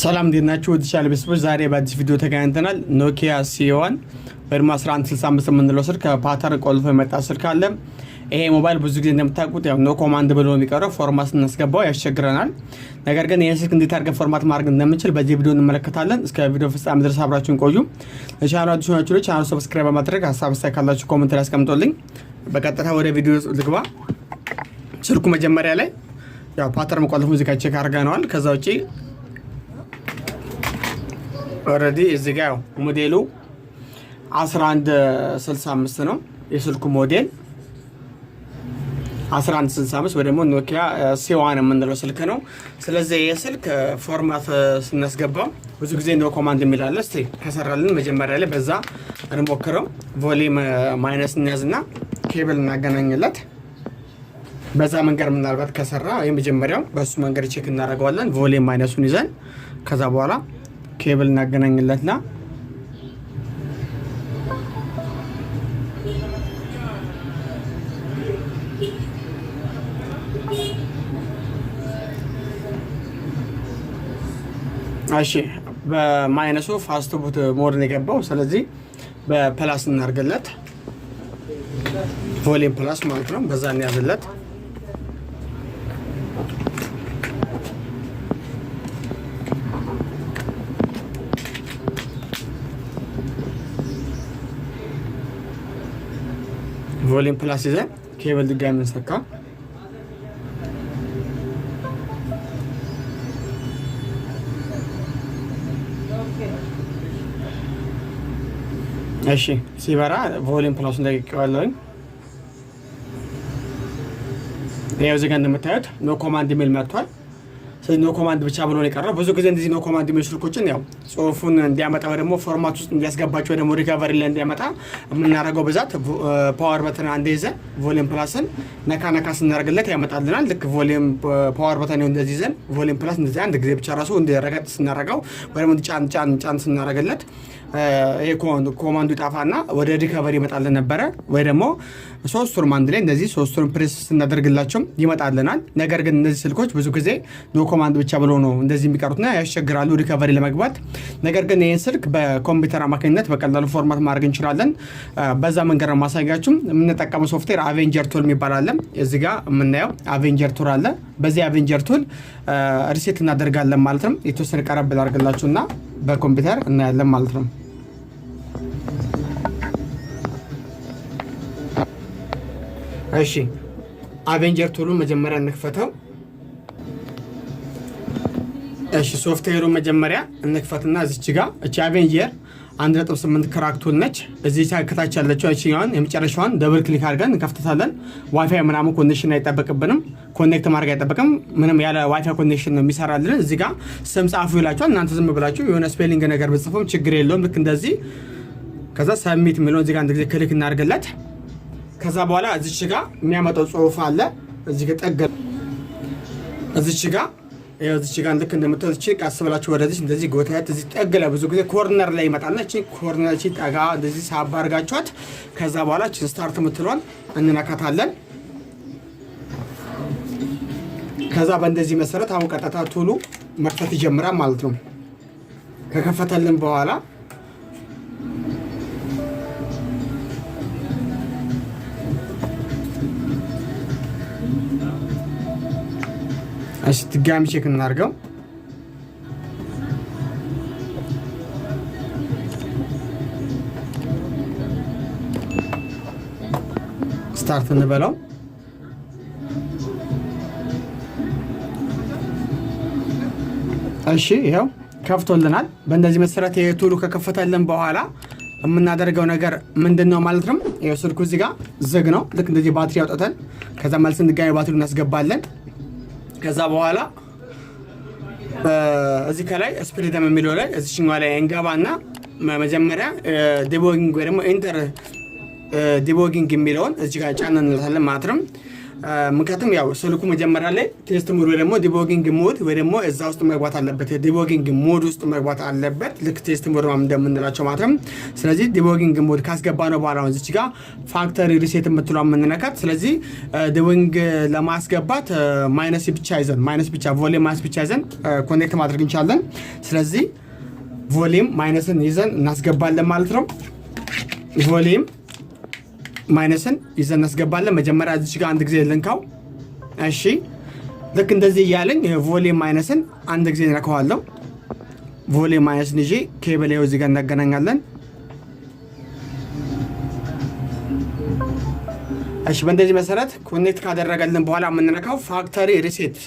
ሰላም እንዴት ናችሁ? ወደ ቻለ ቤተሰቦች ዛሬ በአዲስ ቪዲዮ ተገናኝተናል። ኖኪያ ሲዮን ወይም 1165 የምንለው ስልክ ከፓተርን ቆልፎ የመጣ ስልክ አለ። ይሄ ሞባይል ብዙ ጊዜ እንደምታውቁት ያው ኖ ኮማንድ ብሎ የሚቀረው ፎርማት ስናስገባው ያስቸግረናል። ነገር ግን ይህ ስልክ እንዴት አድርገን ፎርማት ማድረግ እንደምንችል በዚህ ቪዲዮ እንመለከታለን። እስከ ቪዲዮ ፍጻሜ ድረስ አብራችሁን ቆዩ። ለቻናሉ አዲስ ሆናችሁ ልጅ ቻናሉ ሰብስክራይብ በማድረግ ሀሳብ ስታይ ካላችሁ ኮመንት ላይ አስቀምጦልኝ በቀጥታ ወደ ቪዲዮ ልግባ። ስልኩ መጀመሪያ ላይ ያው ፓተርን ቆልፎ ሙዚቃ ቼክ አድርገነዋል። ከዛ ውጪ ኦልሬዲ እዚ ጋ ያው ሞዴሉ 1165 ነው የስልኩ ሞዴል 1165 ወይ ደግሞ ኖኪያ ሲዋን የምንለው ስልክ ነው። ስለዚህ ይህ ስልክ ፎርማት ስናስገባው ብዙ ጊዜ ኖ ኮማንድ የሚላለ ስ ከሰራልን መጀመሪያ ላይ በዛ እንሞክረው። ቮሊም ማይነስ እንያዝና ኬብል እናገናኝለት። በዛ መንገድ ምናልባት ከሰራ የመጀመሪያው በሱ መንገድ ቼክ እናደርገዋለን። ቮሊም ማይነሱን ይዘን ከዛ በኋላ ኬብል እናገናኝለትና እሺ በማይነሱ ፋስት ቡት ሞርን የገባው ስለዚህ በፕላስ እናርግለት ቮሊም ፕላስ ማለት ነው። በዛ እንያዝለት ቮሊም ፕላስ ይዘን ኬብል ድጋሚ እንሰካ። እሺ ሲበራ ቮሊም ፕላሱን ለቅቄዋለሁኝ። ይኸው እዚህ እንደምታዩት ኖ ኮማንድ የሚል መጥቷል። ኖ ኮማንድ ብቻ ብሎ ነው የቀረው። ብዙ ጊዜ እንደዚህ ኖ ኮማንድ ስልኮችን ያው ጽሁፉን እንዲያመጣ ወይ ደግሞ ፎርማት ውስጥ እንዲያስገባቸው ወይ ደግሞ ሪካቨሪ ላይ እንዲያመጣ የምናደርገው ብዛት ፓወር በተን አንድ ይዘን ቮሊም ፕላስን ነካ ነካ ስናደርግለት ያመጣልናል። ልክ ቮሊም ፓወር በተን እንደዚህ ይዘን ቮሊም ፕላስ እንደዚህ አንድ ጊዜ ብቻ ራሱ እንዲረገጥ ስናደርገው ወይ ደግሞ ጫን ጫን ጫን ስናደርግለት ይሄ ኮማንዱ ይጣፋና ወደ ሪካቨሪ ይመጣልን ነበረ። ወይ ደግሞ ሶስቱንም አንድ ላይ እንደዚህ ሶስቱንም ፕሬስ ስናደርግላቸውም ይመጣልናል። ነገር ግን እነዚህ ስልኮች ብዙ ጊዜ ኖ ኮማንድ ብቻ ብሎ ነው እንደዚህ የሚቀሩትና ያስቸግራሉ ሪከቨሪ ለመግባት። ነገር ግን ይህን ስልክ በኮምፒውተር አማካኝነት በቀላሉ ፎርማት ማድረግ እንችላለን። በዛ መንገድ ነው ማሳያችሁ። የምንጠቀመው ሶፍትዌር አቬንጀር ቱል የሚባል አለ። እዚህ የምናየው አቬንጀር ቱል አለ። በዚህ አቬንጀር ቱል ሪሴት እናደርጋለን ማለት ነው። የተወሰነ ቀረብ ላድርግላችሁና በኮምፒውተር እናያለን ማለት ነው። እሺ አቬንጀር ቱሉ መጀመሪያ እንክፈተው። እሺ ሶፍትዌሩ መጀመሪያ እንክፈትና እዚች ጋ እቺ አቬንጀር 1.8 ከራክቱል ነች። እዚ ከታች ያለችው እቺኛዋን የመጨረሻዋን ደብል ክሊክ አድርገን እንከፍትታለን ዋይፋይ ምናምን ኮኔክሽን አይጠበቅብንም፣ ኮኔክት ማድረግ አይጠበቅም። ምንም ያለ ዋይፋይ ኮኔክሽን ነው የሚሰራልን። እዚ ጋ ስም ጻፉ ይላችኋል። እናንተ ዝም ብላችሁ የሆነ ስፔሊንግ ነገር ብጽፉም ችግር የለውም። ልክ እንደዚህ ከዛ ሰሚት የሚለውን እዚህ ጋ አንድ ጊዜ ክሊክ እናደርግለት ከዛ በኋላ እዚች ጋ የሚያመጣው ጽሁፍ አለ እዚ ጠገ እዚች ጋ እዚች ጋር ልክ እንደምታዩት እቺ ቀስ ብላችሁ ወደዚህ እንደዚህ ጎትያት እዚህ ጠግለ ብዙ ጊዜ ኮርነር ላይ ይመጣልና እቺ ኮርነር እቺ ጠጋ እንደዚህ ሳባ አድርጋችኋት ከዛ በኋላ እቺ ስታርት የምትለዋን እንነካታለን። ከዛ በእንደዚህ መሰረት አሁን ቀጥታ ቱሉ መክፈት ይጀምራል ማለት ነው። ከከፈተልን በኋላ እሺ ድጋሚ ቼክ እናርገው ስታርት እንበለው። እሺ ይኸው ከፍቶልናል። በእንደዚህ መሰረት የቱሉ ከከፈተልን በኋላ የምናደርገው ነገር ምንድን ነው ማለት ነው። ስልኩ እዚህ ጋር ዝግ ነው። ልክ እንደዚህ ባትሪ አውጥተን ከዛ መልስ ድጋሚ ባትሪ እናስገባለን። ከዛ በኋላ እዚህ ከላይ ስፕሊተም የሚለው ላይ እዚችኛ ላይ እና መጀመሪያ ዲቦጊንግ ወይ ደግሞ ኢንተር ዲቦጊንግ የሚለውን እዚህ ጋር ጫን እንላታለን ማለት ነው። ምክንያቱም ያው ስልኩ መጀመሪያ ላይ ቴስት ሙድ ወይ ደግሞ ዲቦጊንግ ሞድ ወይ ደግሞ እዛ ውስጥ መግባት አለበት። ዲቦጊንግ ሞድ ውስጥ መግባት አለበት። ልክ ቴስት ሙድ እንደምንላቸው ማለት ነው። ስለዚህ ዲቦጊንግ ሞድ ካስገባ ነው በኋላ አሁን እዚች ጋር ፋክተሪ ሪሴት የምትሏ የምንነካት። ስለዚህ ዲቦጊንግ ለማስገባት ማይነስ ብቻ ይዘን ማይነስ ብቻ ቮሊም ማይነስ ብቻ ይዘን ኮኔክት ማድረግ እንችላለን። ስለዚህ ቮሊም ማይነስን ይዘን እናስገባለን ማለት ነው ቮሊም ማይነስን ይዘን እናስገባለን። መጀመሪያ እዚች ጋር አንድ ጊዜ ልንካው። እሺ ልክ እንደዚህ እያለኝ ቮሊዩም ማይነስን አንድ ጊዜ ነካዋለሁ። ቮሊዩም ማይነስን ይዤ ኬብል ይኸው እዚህ ጋር እናገናኛለን። እሺ በእንደዚህ መሰረት ኮኔክት ካደረገልን በኋላ የምንነካው ፋክተሪ ሪሴት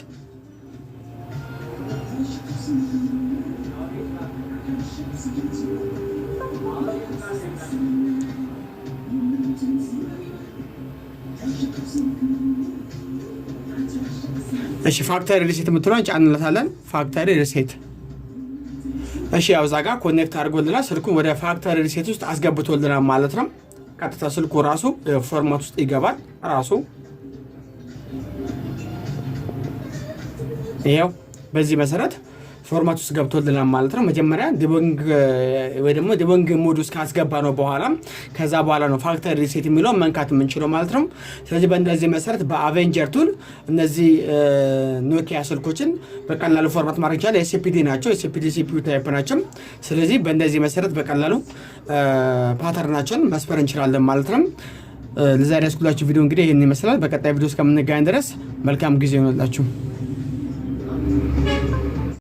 እሺ ፋክተሪ ሪሴት የምትለውን ጫንለታለን። ፋክተሪ ሪሴት እሺ፣ ያው እዛ ጋር ኮኔክት አድርጎልናል ስልኩን ወደ ፋክተሪ ሪሴት ውስጥ አስገብቶልናል ማለት ነው። ቀጥታ ስልኩ ራሱ ፎርማት ውስጥ ይገባል ራሱ ይኸው በዚህ መሰረት ፎርማት ውስጥ ገብቶልናል ማለት ነው። መጀመሪያ ዲቦንግ ወይ ደግሞ ዲቦንግ ሞድ ውስጥ ካስገባ ነው በኋላ ከዛ በኋላ ነው ፋክተር ሪሴት የሚለው መንካት የምንችለው ማለት ነው። ስለዚህ በእንደዚህ መሰረት በአቬንጀር ቱል እነዚህ ኖኪያ ስልኮችን በቀላሉ ፎርማት ማድረግ ይቻላል። ኤስፒዲ ናቸው፣ ኤስፒዲ ሲፒዩ ታይፕ ናቸው። ስለዚህ በእንደዚህ መሰረት በቀላሉ ፓተርናቸውን መስፈር እንችላለን ማለት ነው። ለዛሬ ያስኩላችሁ ቪዲዮ እንግዲህ ይህን ይመስላል። በቀጣይ ቪዲዮ እስከምንገናኝ ድረስ መልካም ጊዜ ይሆንላችሁ።